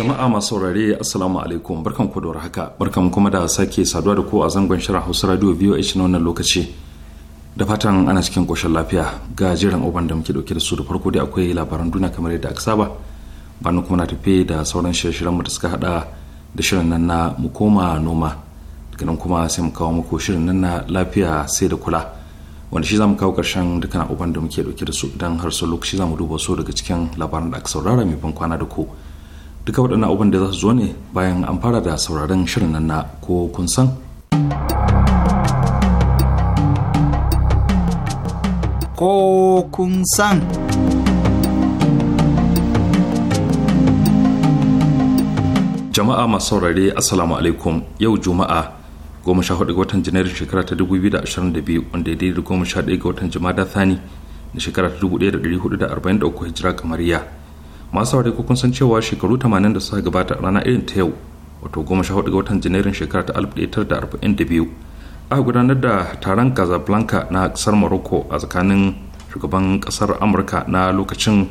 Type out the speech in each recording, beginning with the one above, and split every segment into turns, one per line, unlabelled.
jama'a masu saurare assalamu alaikum barkan ku da haka barkan kuma da sake saduwa da ku a zangon shirin hausa radio voh na wannan lokaci da fatan ana cikin koshin lafiya ga jiran uban da muke dauke da su da farko dai akwai labaran duniya kamar yadda aka saba bani kuma na tafe da sauran shirye-shiryen mu da suka hada da shirin nan na mu koma noma daga nan kuma sai mu kawo muku shirin nan na lafiya sai da kula wanda shi zamu kawo karshen dukkan uban da muke dauke da su dan har sun lokaci zamu duba su daga cikin labaran da aka saurara mai ban kwana da ku duka waɗannan abubuwan da za su zo ne bayan an fara da sauraron shirin nan na ko kun san
ko kun san
jama'a masu saurare assalamu alaikum yau juma'a goma sha hudu ga watan janairun shekara ta dubu biyu da ashirin da biyu wanda ya daidai goma sha ɗaya ga watan jima'a da thani na shekara ta dubu ɗaya da ɗari hudu da arba'in da uku hijira kamariya masu ko kun san cewa shekaru 80 da suka gabata rana irin ta yau wato 14 ga watan janairun shekara ta 1942 aka gudanar da taron casablanca na kasar morocco a tsakanin shugaban kasar amurka na lokacin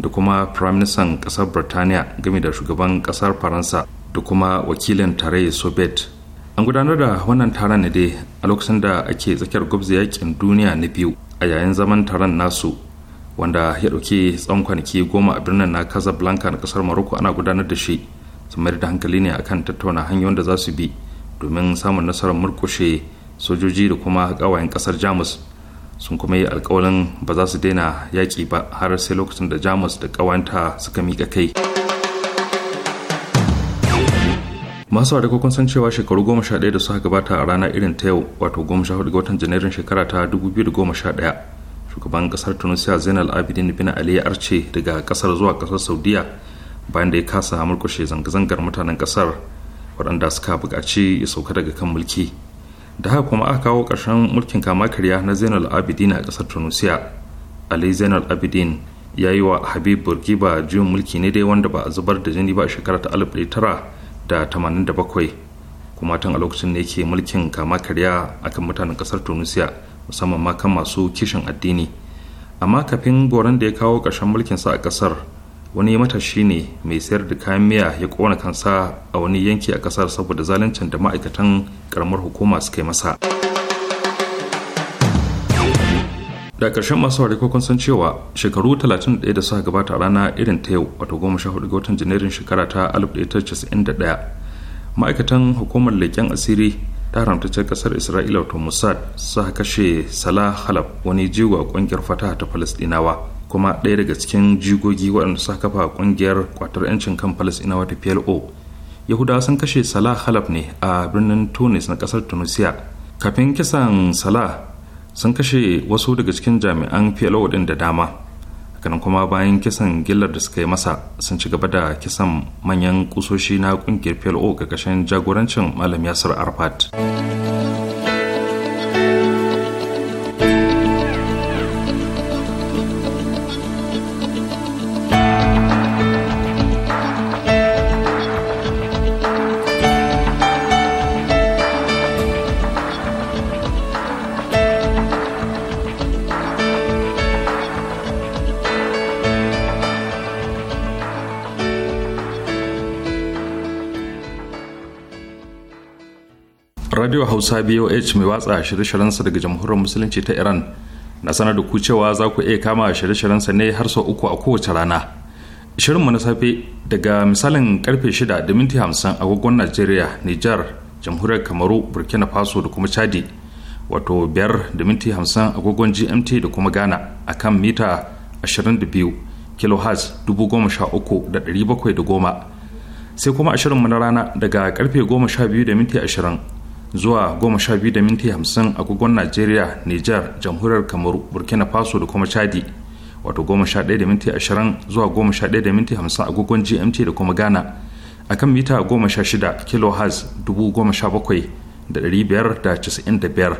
da kuma firaministan kasar birtaniya game da shugaban kasar faransa da kuma wakilin tarayya soviet an gudanar da wannan taron ne dai a lokacin da ake tsakiyar gwabza yakin duniya na biyu a yayin zaman taron nasu wanda ya ɗauki tsawon kwanaki goma a birnin na casablanca na kasar morocco ana gudanar da shi su mayar da hankali ne akan tattauna hanyoyin da za su bi domin samun nasarar murkushe sojoji da kuma ƙawayen ƙasar jamus sun kuma yi alkawalin ba za su daina yaƙi ba har sai lokacin da jamus da ƙawanta suka mika kai masu wada kun san cewa shekaru goma sha ɗaya da suka gabata a rana irin ta yau wato goma sha hudu ga watan janairun shekara ta dubu biyu da goma sha ɗaya shugaban kasar tunisia zainal abidin bin ali ya arce daga kasar zuwa kasar saudiya bayan da ya kasa murkushe zanga-zangar mutanen kasar waɗanda suka buƙaci ya sauka daga kan mulki da haka kuma aka kawo ƙarshen mulkin kama karya na zainal abidin a kasar tunisia ali zainal abidin ya yi wa habib burgiba juyin mulki ne dai wanda ba a zubar da jini ba a shekara ta da kuma tun a lokacin ne ke mulkin kama karya akan mutanen kasar tunisia musamman ma kan masu kishin addini amma kafin goron da ya kawo ƙarshen mulkinsa a ƙasar wani matashi ne mai sayar da kayan miya ya ƙona kansa a wani yanki a ƙasar saboda zaluncin da ma'aikatan ƙaramar hukuma suka yi masa da ƙarshen masu ware kokon san cewa shekaru 31 da suka gabata a rana irin ta yau wato 14 ga watan janairun shekara ta 1991 ma'aikatan hukumar leƙen asiri ta haramtaccen kasar isra'ila wato mossad su kashe salah halab wani jigo a kungiyar fataha ta palestinawa kuma ɗaya daga cikin jigogi waɗanda suka kafa kungiyar kwatar 'yancin kan falastinawa ta plo yahudawa sun kashe salah halab ne a birnin tunis na kasar tunisia kafin kisan salah sun kashe wasu daga cikin jami'an plo ɗin da dama hakanan kuma bayan kisan gillar da suka yi masa sun ci gaba da kisan manyan kusoshi na kungiyar plo ga ƙashin jagorancin malam yasir arfat radio hausa boh mai watsa shirye-shiryensa daga jamhuriyar musulunci ta iran na sanar da ku cewa za ku iya kama shirye-shiryensa ne har sau uku a kowace rana shirinmu na safe daga misalin karfe shida da minti 50 agogon najeriya niger jamhuriyar kamaru burkina faso da kuma chadi wato 5 da minti 50 agogon gmt da kuma ghana a kan mita bakwai da goma sai kuma ashirinmu na rana daga karfe goma sha biyu da minti ashirin. zuwa goma sha biyu da minti hamsin agogon najeriya nijar jamhuriyar kamaru burkina faso da kuma chadi wato goma sha ɗaya da minti ashirin zuwa goma sha ɗaya da minti hamsin agogon gmt da kuma ghana a kan mita goma sha shida kilohertz dubu goma sha bakwai da ɗari biyar da casa'in da biyar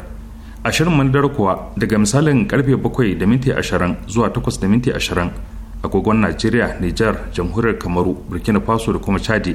ashirin manadar kuwa daga misalin karfe bakwai da minti ashirin zuwa takwas da minti ashirin agogon najeriya nijar jamhuriyar kamaru burkina faso da kuma chadi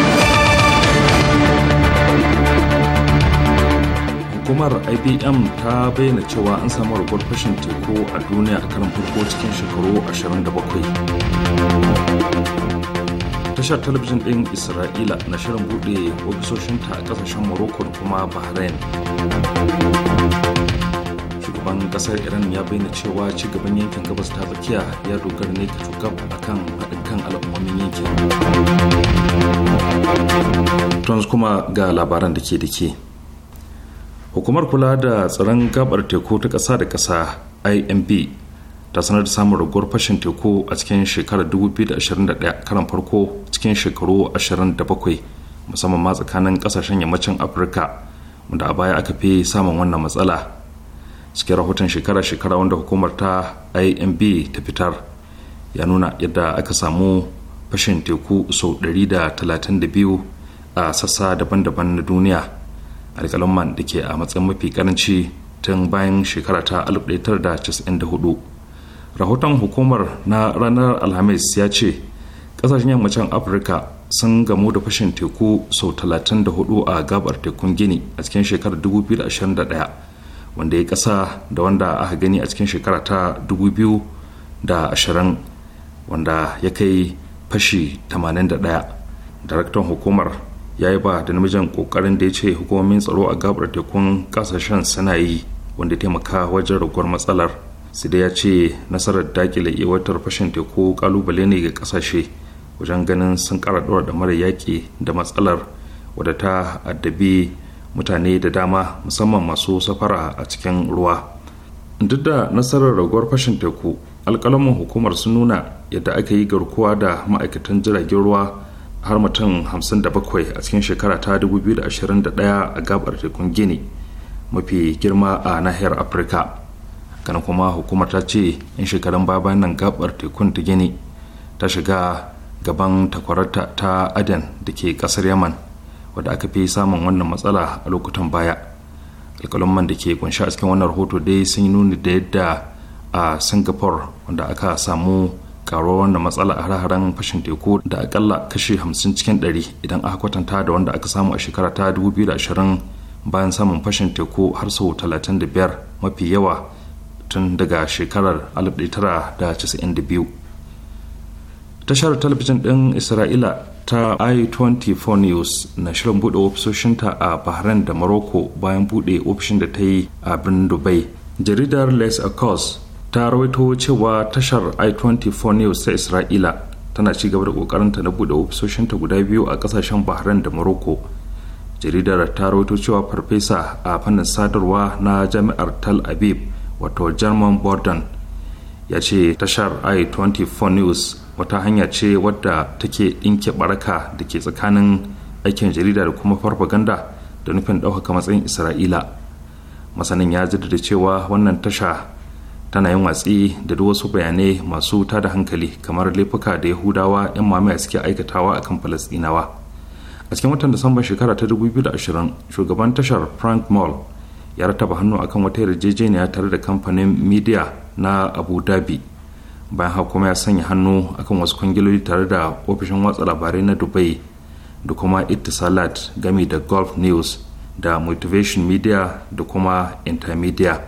hukumar ibm ta bayyana cewa an samu raguwar fashin teku a duniya a karan farko cikin shekaru 27 tashar talabijin ɗin isra'ila na shirin buɗe ofisoshinta a ƙasashen morocco da kuma bahrain shugaban ƙasar iran ya bayyana cewa ci gaban yankin gabas ta tsakiya ya dogara ne cukab a kan haɗin kan al'ummomin yankin tons kuma ga labaran da ke da ke hukumar kula da tsaron gabar teku ta ƙasa da ƙasa imb ta sanar da samun raguwar fashin teku a cikin shekarar 2021 karan farko cikin shekaru 27 musamman ma tsakanin ƙasashen yammacin afirka wanda a baya aka fi samun wannan matsala cikin rahoton shekara-shekara wanda hukumar ta imb ta fitar ya nuna yadda aka samu fashin teku sau 132 a sassa daban-daban na duniya man da ke a matsayin mafi karanci tun bayan shekara ta 1994 rahoton hukumar na ranar alhamis ya ce ƙasashen yammacin afirka sun gamu da fashin teku sau 34 a gabar tekun gini a cikin shekarar 2021 wanda ya ƙasa da wanda aka gani a cikin shekara ta 2020 wanda ya kai fashi 81 daraktan hukumar ya yi ba da namijin kokarin da ya ce hukumomin tsaro a gabar tekun kasashen suna yi wanda taimaka wajen raguwar matsalar sai da ya ce nasarar dakile iwatar fashin teku kalubale ne ga kasashe wajen ganin sun kara dora da mara yaƙi da matsalar wadda ta addabi mutane da dama musamman masu safara a cikin ruwa duk da nasarar raguwar fashin teku alkalamin hukumar sun nuna yadda aka yi garkuwa da ma'aikatan jiragen ruwa har mutum 57 a cikin shekara ta 2021 a gabar tekun gini mafi girma a nahiyar afirka kana kuma hukumar ta ce in shekarun baban nan gabar tekun ta gini ta shiga gaban takwararta ta aden da ke kasar yaman wadda aka fi samun wannan matsala a lokutan baya alkalin da ke kunshi a cikin wannan rahoto dai sun yi nuni da yadda a singapore wanda aka samu karuwar wannan matsala a hare fashin teku da akalla kashi 50 cikin 100 idan aka kwatanta da wanda aka samu a shekara ta 2020 bayan samun fashin teku har sau 35 mafi yawa tun daga shekarar 1992 tashar talabijin ɗin isra'ila ta i24 news na shirin buɗe ofisoshinta a bahrain da morocco bayan buɗe ofishin da ta yi a birnin dubai jaridar les accords ta rawaito cewa tashar i24 news ta isra'ila tana ci gaba da kokarinta na buɗe ofisoshinta guda biyu a ƙasashen bahrain da morocco jaridar ta rawaito cewa farfesa a fannin sadarwa na jami'ar tal aviv wato german borden ya ce tashar i24 news wata hanya ce wadda take ɗinke baraka da ke tsakanin aikin jarida da kuma farfaganda da nufin ɗaukaka matsayin isra'ila masanin ya da cewa wannan tasha tana yin watsi da duk wasu bayanai masu tada hankali kamar laifuka da yahudawa 'yan mamaya suke aikatawa akan falasɗinawa a cikin watan disamban shekara ta 2020 shugaban tashar frank mall ya rataba hannu akan wata yarjejeniya tare da kamfanin media na abu dhabi bayan haka kuma ya sanya hannu akan wasu kwangiloli tare da ofishin watsa labarai na dubai da kuma ittisalat gami da golf news da motivation media da kuma intermedia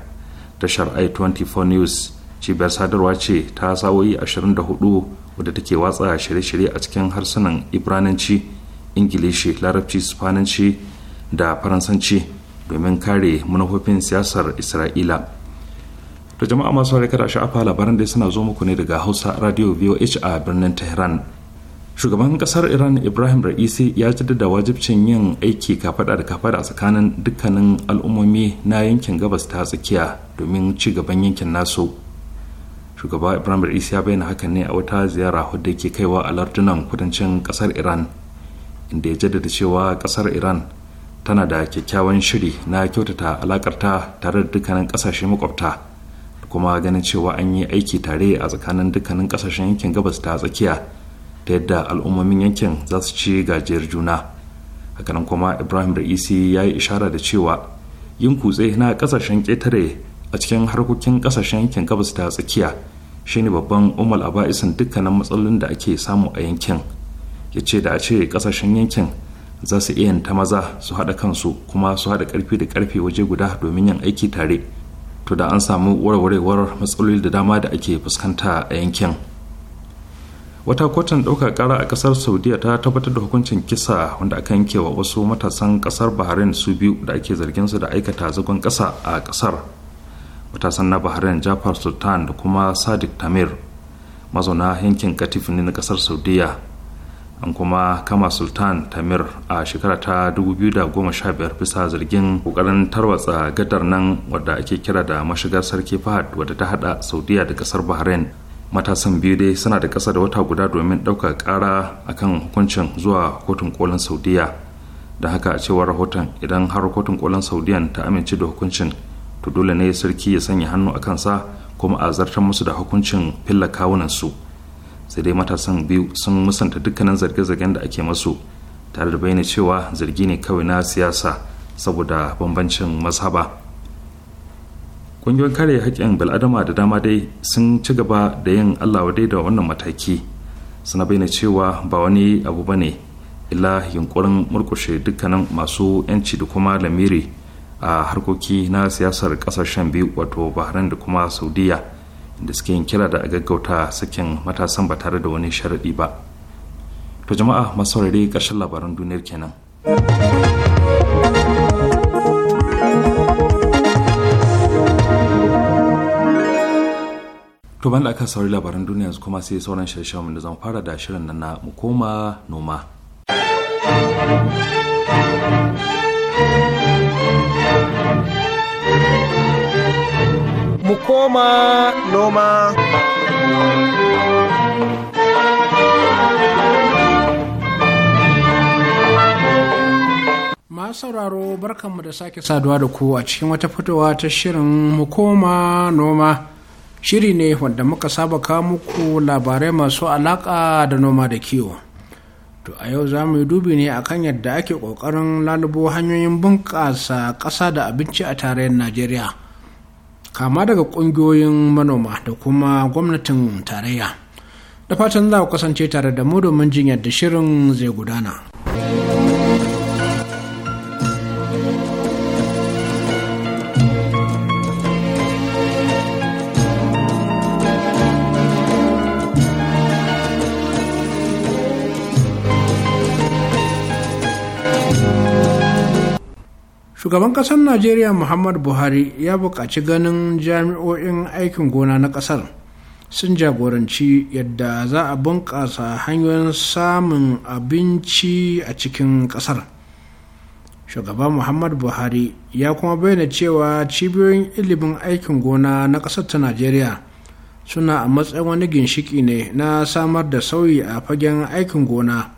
tashar i24 news cibiyar sadarwa ce ta sa'o'i 24 wadda take watsa shirye-shirye a cikin harsunan ibrananci ingilishi larabci sufananci da faransanci domin kare manufofin siyasar isra'ila da jama'a masu kada sha'afa labaran da suna zo muku ne daga hausa radio voh a birnin tehran shugaban kasar iran ibrahim ra'isi ya jaddada wajibcin yin aiki kafada da kafada a tsakanin dukkanin al'ummomi na yankin gabas ta tsakiya domin ci gaban yankin nasu shugaba ibrahim ra'isi ya bayyana hakan ne a wata ziyara wadda ke kaiwa a lardunan kudancin kasar iran inda ya jaddada cewa kasar iran tana da kyakkyawan shiri na kyautata alakarta tare da dukkanin kasashe makwabta da kuma ganin cewa an yi aiki tare a tsakanin dukkanin kasashen yankin gabas ta tsakiya ta yadda al'ummomin yankin za su ci gajiyar juna hakanan kuma ibrahim ra'isi ya yi ishara da cewa yin kutse na kasashen ƙetare a cikin harkokin kasashen yankin gabas ta tsakiya shine babban umar aba'isin dukkanin matsalolin da ake samu a yankin ya ce da a ce kasashen yankin za su iya ta maza su haɗa kansu kuma su haɗa ƙarfi da ƙarfe waje guda domin yin aiki tare to da an samu warwarewar matsaloli da dama da ake fuskanta a yankin wata kotun ɗaukar ƙara a ƙasar saudiya ta tabbatar da hukuncin kisa wanda aka yanke wa wasu matasan ƙasar bahrain su biyu da ake zargin su da aikata zagon ƙasa a ƙasar matasan na bahrain jafar sultan da kuma sadiq tamir mazauna yankin katif ne na ƙasar saudiya an kuma kama sultan tamir a shekara ta da goma sha biyar bisa zargin ƙoƙarin tarwatsa gadar nan wadda ake kira da mashigar sarki fahad wadda ta haɗa saudiya da ƙasar bahrain matasan biyu dai suna da ƙasa da wata guda domin ɗaukar ƙara akan hukuncin zuwa kotun kolin saudiya da haka a cewar rahoton idan har kotun kolin saudiyan ta amince da hukuncin to dole ne sarki ya sanya hannu a kansa kuma a zartar musu da hukuncin filla kawunansu sai dai matasan biyu sun musanta dukkanin zarge-zargen da ake masu tare da bayyana cewa zargi ne kawai na siyasa saboda bambancin mazhaba kungiyoyin kare haƙƙin bil'adama da dama dai sun ci gaba da yin allah dai da wannan mataki suna bayyana cewa ba wani abu ba ne illa yunkurin murkushe dukkanin masu 'yanci da kuma lamiri a harkoki na siyasar ƙasashen biyu wato bahrain da kuma saudiya da suke yin kira da a gaggauta sakin matasan ba tare da wani sharaɗi ba to jama'a masu ƙarshen labaran duniyar kenan. to ban da aka sauri labaran duniya yanzu kuma sai sauran shirye da zan fara da shirin nan na mu koma noma
mu koma noma sauraro barkanmu da sake saduwa da ku a cikin wata fitowa ta shirin mu koma noma shiri ne wanda muka saba kawo muku labarai masu alaƙa da noma da kiwo to a yau za mu yi dubi ne akan yadda ake ƙoƙarin lalubo hanyoyin bunƙasa ƙasa da abinci a tarayyar najeriya kama daga ƙungiyoyin manoma da kuma gwamnatin tarayya da fatan za ku kasance tare da mu domin jin yadda shirin zai gudana shugaban kasar najeriya muhammad buhari ya buƙaci ganin jami'o'in aikin gona na ƙasar sun jagoranci yadda za a bunƙasa hanyoyin samun abinci a cikin ƙasar shugaban muhammad buhari ya kuma bayyana cewa cibiyoyin ilimin aikin gona na ƙasar ta najeriya suna a matsayin wani ginshiki ne na samar da sauyi a fagen aikin gona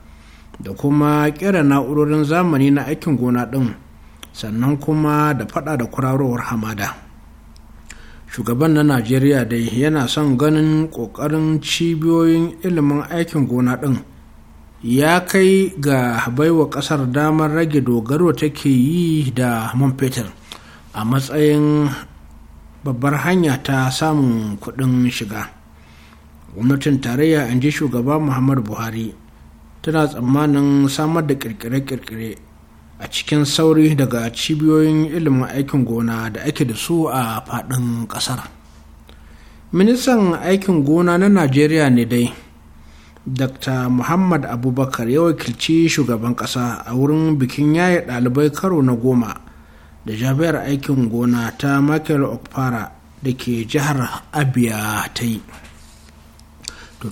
da kuma ƙera na'urorin zamani na aikin gona ɗin. sannan kuma da fada da kurarowar hamada shugaban na najeriya dai yana son ganin kokarin cibiyoyin ilimin aikin gona ɗin ya kai ga baiwa ƙasar damar rage dogaro take yi da man fetur a matsayin babbar hanya ta samun kuɗin shiga gwamnatin tarayya in ji shugaba muhammadu buhari tana tsammanin samar da kirkire-kirkire a cikin sauri daga cibiyoyin ilimin aikin gona da ake da su a faɗin ƙasar ministan aikin gona na najeriya ne dai dr muhammad abubakar ya wakilci shugaban ƙasa a wurin bikin yaye ɗalibai karo na goma da jami'ar aikin gona ta michael okpara da ke jihar abia ta yi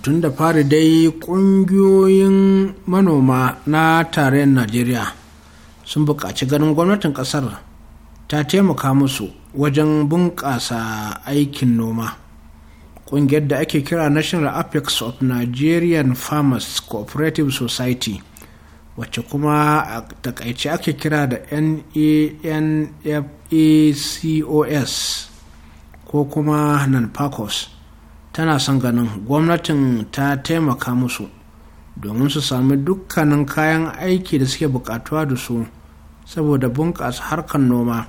tun da fari dai ƙungiyoyin manoma na tarayyar najeriya sun buƙaci ganin gwamnatin ƙasar ta taimaka musu wajen bunƙasa aikin noma ƙungiyar da ake kira national apex of nigerian farmers cooperative society wacce kuma a takaice ake kira da nanfacos ko kuma nanfacos tana son ganin gwamnatin ta taimaka musu domin su sami dukkanin kayan aiki da suke bukatuwa da su saboda bunƙasa harkar noma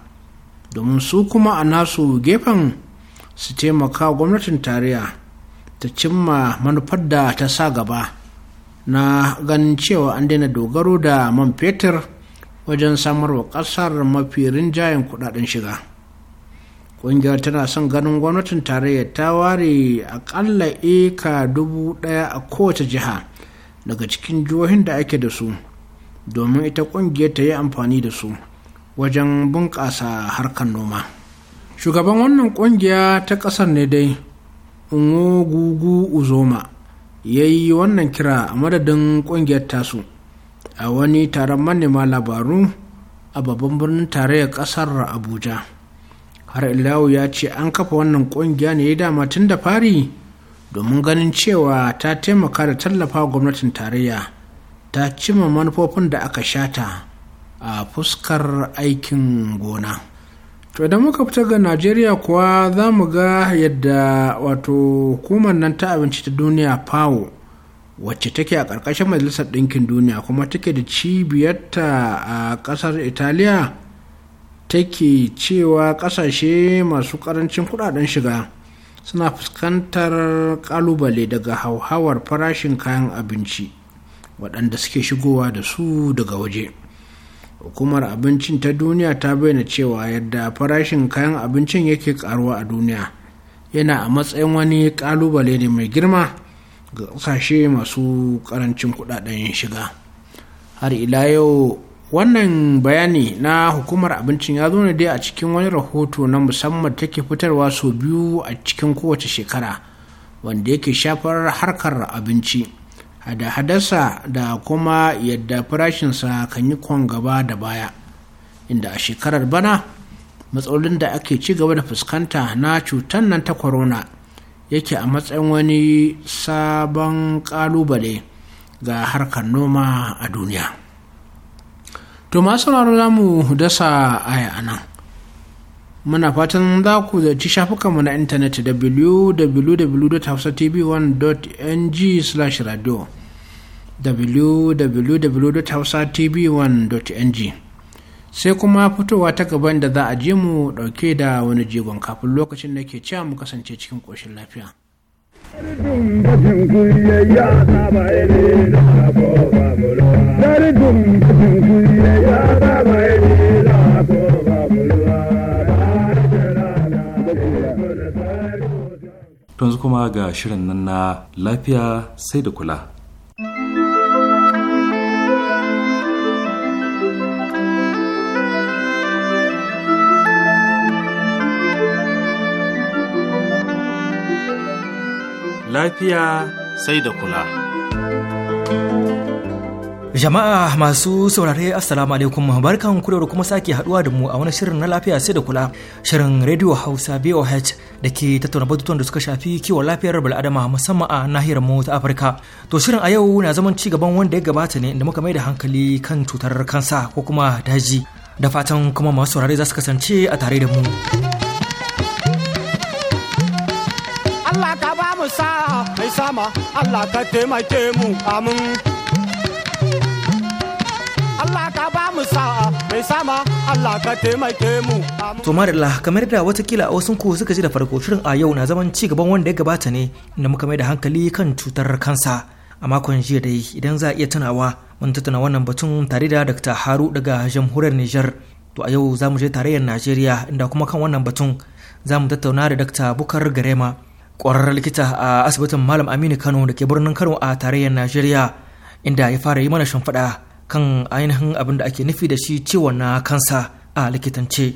domin su kuma a nasu gefen su taimaka gwamnatin tarayya ta cimma manufar da ta sa gaba na ganin cewa an daina dogaro da man fetur wajen samarwa ƙasar mafi rinjayen kudaden shiga ƙungiyar tana son ganin gwamnatin tarayya ta ware akalla eka dubu ɗaya a kowace jiha daga cikin jihohin da ake da su domin ita ƙungiyar ta yi amfani da su wajen bunƙasa harkar noma shugaban wannan ƙungiya ta ƙasar ne dai gugu uzoma ya yi wannan kira a madadin ƙungiyar tasu a wani taron manema labaru a babban birnin tarayyar ƙasar abuja har ilawu ya ce an kafa wannan ƙungiya ne ya dama tun da fari domin ganin cewa ta taimaka da tallafa gwamnatin tarayya ta cima manufofin da aka shata a fuskar aikin gona to idan muka fita ga najeriya kuwa za mu ga yadda wato hukumar nan ta abinci ta duniya FAO wacce take a ƙarƙashin majalisar ɗinkin duniya kuma take da cibiyarta a ƙasar italiya take cewa ƙasashe masu ƙarancin kuɗaɗen shiga suna fuskantar ƙalubale daga hauhawar farashin kayan abinci waɗanda suke shigowa da su daga waje hukumar abincin ta duniya ta bayyana cewa yadda farashin kayan abincin yake karuwa a duniya yana a matsayin wani kalubale ne mai girma ga ƙasashe masu ƙarancin kuɗaɗen shiga har ila yau wannan bayani na hukumar abincin ya zo ne dai a cikin wani rahoto na musamman take fitarwa sau biyu a cikin kowace shekara wanda yake shafar harkar abinci. hada-hadarsa da kuma yadda farashinsa kan yi kwan gaba da baya inda a shekarar bana matsalolin da ake ci gaba da fuskanta na cutar nan ta corona yake a matsayin wani sabon kalubale ga harkar noma a duniya to masu za mu dasa aya anan. nan muna fatan za ku zarci shafukanmu na intanet www.hausatv1.ng slash radio www.hausatv1.ng sai kuma fitowa ta gaban da za a je mu dauke da wani jigon kafin lokacin da ke cewa mu kasance cikin koshin lafiya.
Dari dum ya
yanzu kuma ga shirin nan na lafiya sai da kula. Lafiya sai da kula.
Jama'a masu saurare Assalamu alaikum barkan ku da kuma sake haduwa da mu a wani shirin na lafiya sai da kula shirin Radio Hausa BOH da ke tattauna batutuwan da suka shafi kiwon lafiyar bal'adama musamman a nahiyar mu ta Afirka. To shirin a yau na zaman ci gaban wanda ya gabata ne da muka mai da hankali kan cutar kansa ko kuma daji. Da fatan kuma masu saurare za su kasance a tare da mu.
Allah ka ba mu sa mai sama Allah ka taimake mu amin. mu sa'a mai sama Allah ka taimake mu.
To Marilla kamar da watakila a wasu ku suka ji da farko shirin a yau na zaman ci gaban wanda ya gabata ne inda muka mai da hankali kan cutar kansa. A makon jiya dai idan za a iya tunawa mun tattauna wannan batun tare da Dr. Haru daga jamhuriyar Nijar. To a yau za mu je tarayyar Najeriya inda kuma kan wannan batun za mu tattauna da Dr. Bukar Garema ƙwararren likita a asibitin Malam Aminu Kano da ke birnin Kano a tarayyar Najeriya inda ya fara yi mana shimfiɗa kan ainihin abin da ake nufi da shi ciwo na kansa a likitance.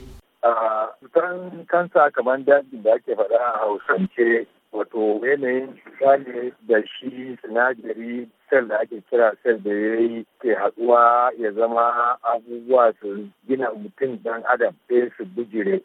Cutar kansa kamar daji da ake faɗa a hausance wato yanayin cuta da shi sinadari sel da ake kira sel da ya yi ke haɗuwa ya zama abubuwa su gina mutum dan adam sai su bijire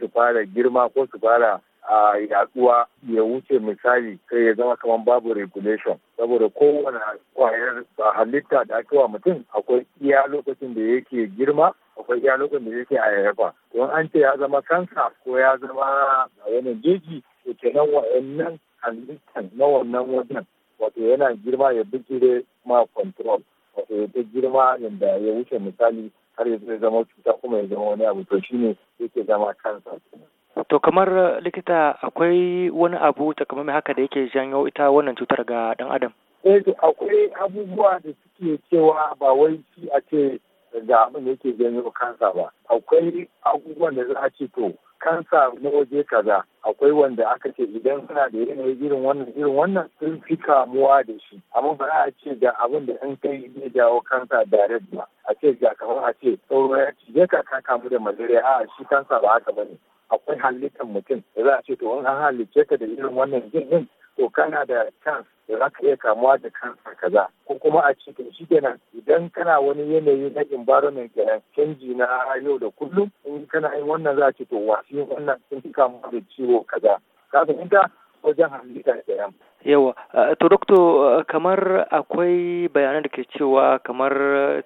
su fara girma ko su fara a yaduwa ya wuce misali sai ya zama kamar babu regulation saboda kowane kwayar halitta da ake wa mutum akwai iya lokacin da yake girma akwai iya lokacin da yake ayyafa don an ce ya zama kansa ko ya zama wani jeji to kenan wa'annan halittan na wannan wajen wato yana girma ya bijire ma control wato ya ta girma yadda ya wuce misali har ya zama cuta kuma ya zama wani abu to shine yake zama kansa kenan
To kamar eh, likita akwai wani abu takamaimai haka da yake janyo ita wannan cutar ga ɗan adam?
Eh akwai abubuwa da suke cewa ba wai shi a ce ga abin da yake janyo kansa ba. Akwai abubuwan da za ce to kansa na waje kaza akwai wanda aka ce idan suna da yanayi irin wannan irin wannan sun fi kamuwa da shi amma ba a ce ga abin da in kai zai jawo kansa direct ba a ce ga kamar a ce sauro ya ce ka kamu da malaria a shi kansa ba haka bane akwai halittar mutum da za a ce to in an halicce ka da irin wannan jin din to kana da chance da za ka iya kamuwa da kansa kaza ko kuma a ce to shi kenan idan kana wani yanayi na environment kenan canji na yau da kullum in kana yin wannan za a ce to wasu wannan sun fi kamuwa da ciwo kaza ka fahimta wajen halitta kenan
yawa eh, to doctor eh, kamar akwai bayanan da ke cewa kamar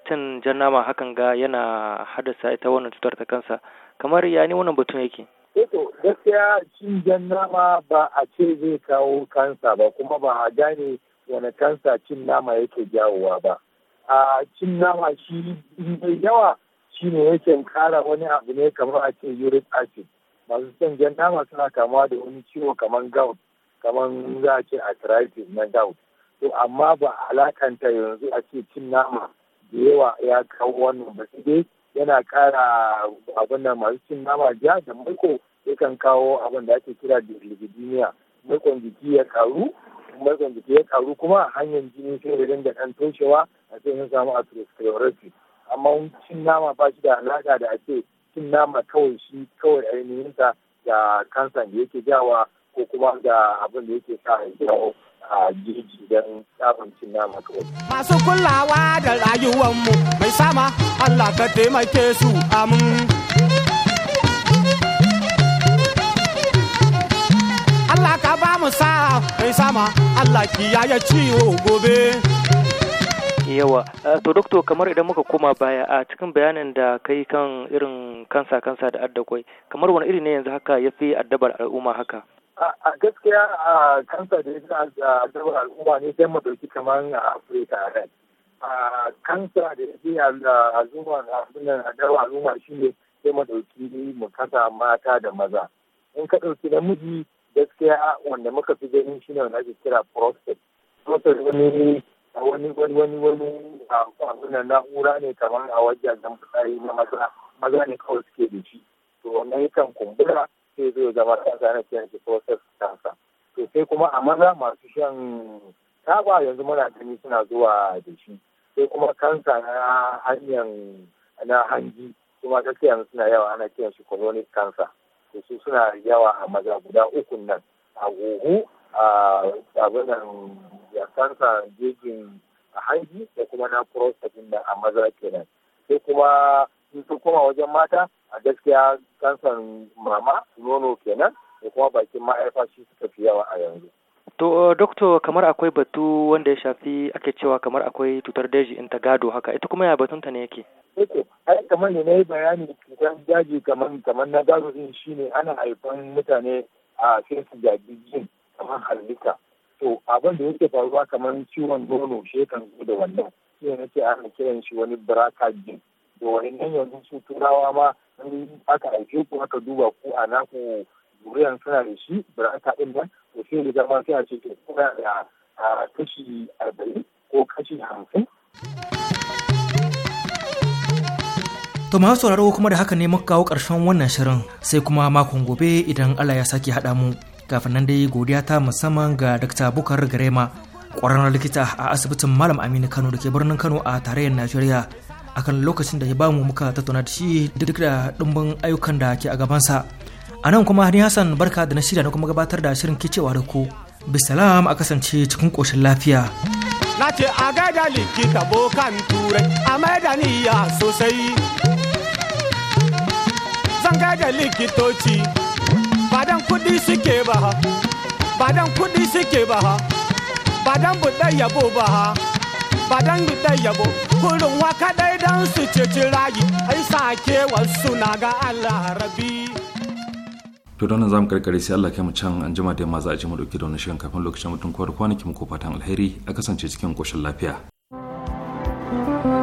cin jan nama hakan ga yana haddasa ita wannan cutar ta kansa kamar ya ne wannan batun yake
Eto eh gaskiya cin jan nama ba a ce zai kawo kansa ba kuma ba a gane wani kansa cin nama yake jawowa ba a cin nama shi mai yawa shi ne yake kara wani abu ne kamar a ce uric acid masu cin jan nama suna kamuwa da wani ciwo kamar gout kamar za a ce arthritis na gout to amma ba alakanta yanzu a ce cin nama da yawa ya kawo wannan ba sai dai yana kara abin da masu cin nama jiya, da maiko yakan kawo abin da ake kira da lipidemia maikon jiki ya karu maikon jiki ya karu kuma hanyar jini sai da dinga kan toshewa a sai sun samu atherosclerosis amma cin nama ba shi da alaƙa da ake cin nama kawai shi kawai ainihinsa da kansa da yake jawa ko kuma da abin da yake sa ya jawo a jeji don samun cin nama kawai.
Masu kulawa da rayuwanmu mai sama Allah ka taimake su amin. Allah ka ba mu sa mai sama Allah kiyaye ciwo gobe. yawa to
doktor kamar idan muka koma baya a cikin bayanin da ka yi kan irin kansa kansa da addakwai kamar wani iri ne yanzu haka ya fi addabar al'umma haka
a gaskiya a kansa da yake a gabar al'umma ne sai mu kamar a afirka red a kansa da yake a al'umma a gabar al'umma shi ne sai mu ɗauki mu kasa mata da maza in ka ɗauki namiji gaskiya wanda muka fi ganin shi ne wanda ake kira prostate prostate wani wani wani wani wani abin na'ura ne kamar a wajen yi na maza maza ne kawai suke da shi to wannan yakan kumbura sai zai zama kansa na kiran shi ko kansa to sai kuma a maza masu shan taba yanzu muna gani suna zuwa da shi sai kuma kansa na hanyar na hanji kuma gaskiya suna yawa ana kiran shi colonic cancer to su suna yawa a maza guda uku nan a huhu
a abin nan
ya kansa jejin a hanji da kuma na prostate da a maza kenan sai kuma in sun koma wajen mata a gaskiya kansan mama nono kenan da kuma bakin ma'aifa shi suka fi yawa a yanzu.
To, eh, doktor kamar akwai batu wanda ya shafi ake cewa kamar akwai cutar daji in ta gado haka, ita kuma ya batunta ne yake?
Eke, ai kamar ne na yi bayani cutar daji kamar kamar na gado din shi ne ana haifan mutane a sai jajijin kamar halitta. To, abin da yake faruwa kamar ciwon nono shi kan zo da wannan. Shi ne nake ana kiran shi wani braka jin. To, wani nan yanzu su turawa ma in aka aike ku aka duba ku a naku zuriyar suna da shi biranta ɗin nan to shi da zama sai a ce ke kuna da kashi arba'in ko kashi hamsin.
To masu sauraro kuma da haka ne muka kawo ƙarshen wannan shirin sai kuma makon gobe idan Allah ya sake haɗa mu kafin nan dai godiya ta musamman ga Dr. Bukar Garema ƙwararren likita a asibitin Malam Aminu Kano da ke birnin Kano a tarayyar Najeriya akan lokacin da ya ba mu muka tattauna da shi da duk da dumbin ayyukan da ke a gabansa a nan kuma ni hassan barka da na shirya na kuma gabatar da shirin kicewa da ku bisalam a kasance cikin koshin lafiya
na ce a gaida likita bokan turai a maida sosai zan gaida likitoci badan kudi suke ba badan kudi suke ba badan buɗe yabo ba ba dan da yabo kurin waka dai dan su ceci rayi ai sake wasu na ga Allah rabi
to don zamu karkare sai Allah kai mu can an jima da maza a ji mu dauki da wani kafin lokacin mutum kwar kwanaki mu ko fatan alheri a kasance cikin koshin lafiya thank
you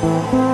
Thank you.